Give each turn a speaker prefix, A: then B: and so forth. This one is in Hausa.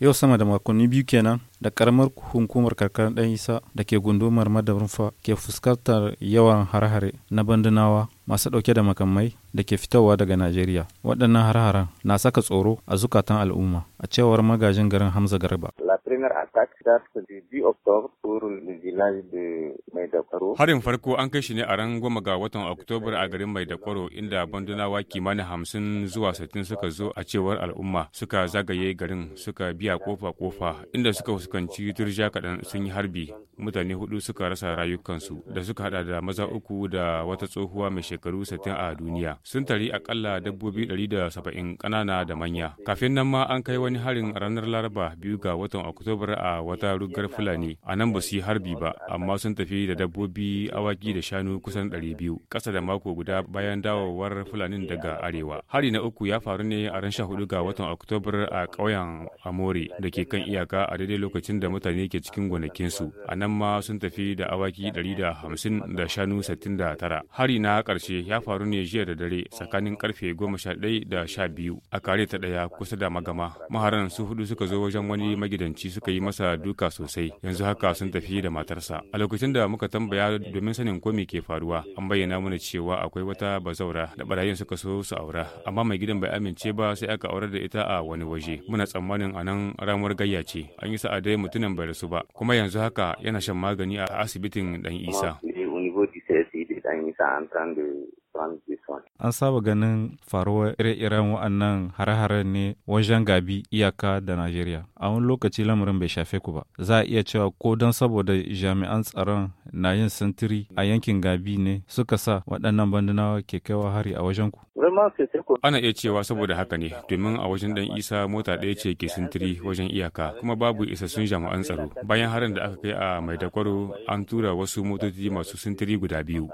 A: yau sama da makonni biyu kenan da karamar hukumar karkarar dan isa da ke gundumar madarunfa ke fuskantar yawan harhare na bandunawa masu ɗauke da makamai da ke fitowa daga najeriya waɗannan harharen na saka tsoro a zukatan al'umma a cewar magajin garin hamza garba
B: harin farko an kai shi ne a ran goma ga watan oktobar a garin mai da kwaro inda bandunawa kimanin hamsin zuwa sittin suka zo a cewar al'umma suka zagaye garin suka biya kofa kofa inda suka fuskanci turjiya kaɗan sun yi harbi mutane hudu suka rasa rayukansu da suka hada da maza uku da wata tsohuwa mai shekaru 60 a duniya sun tari akalla dabbobi saba'in ƙanana da manya kafin nan ma an kai wani harin ranar laraba biyu ga watan oktobar a wata rugar fulani a nan ba su yi harbi ba amma sun tafi da dabbobi awaki da shanu kusan 200 ƙasa da mako guda bayan dawowar fulanin daga arewa hari na uku ya faru ne a ran 14 ga watan oktobar a ƙauyen amore da ke kan iyaka a daidai lokacin lokacin da mutane ke cikin gonakinsu a nan ma sun tafi da awaki 150 da shanu 69 hari na karshe ya faru ne jiya da dare tsakanin karfe 11 da 12 a kare ta ɗaya kusa da magama maharan su hudu suka zo wajen wani magidanci suka yi masa duka sosai yanzu haka sun tafi da matarsa a lokacin da muka tambaya domin sanin ko me ke faruwa an bayyana mana cewa akwai wata bazaura da barayin suka so su aura amma mai gidan bai amince ba sai aka aurar da ita a wani waje muna tsammanin anan ramuwar gayya ce an yi sa'a dai mutumin bai rasu ba kuma yanzu haka yana shan magani a asibitin dan isa An
A: saba ganin faruwar ire-iren waannan hare-hare ne wajen gabi iyaka da Najeriya. A wani lokaci lamarin bai shafe ku ba. Za a iya cewa ko don saboda jami'an tsaron na yin sintiri a yankin gabi ne suka sa waɗannan bandunawa ke kaiwa hari a wajen ku.
B: Ana iya cewa saboda haka ne, domin a wajen ɗan Isa mota ɗaya ce ke sintiri wajen iyaka, kuma babu isassun jami'an tsaro. Bayan harin da aka kai a maidakwaro an tura wasu motoci masu sintiri guda biyu.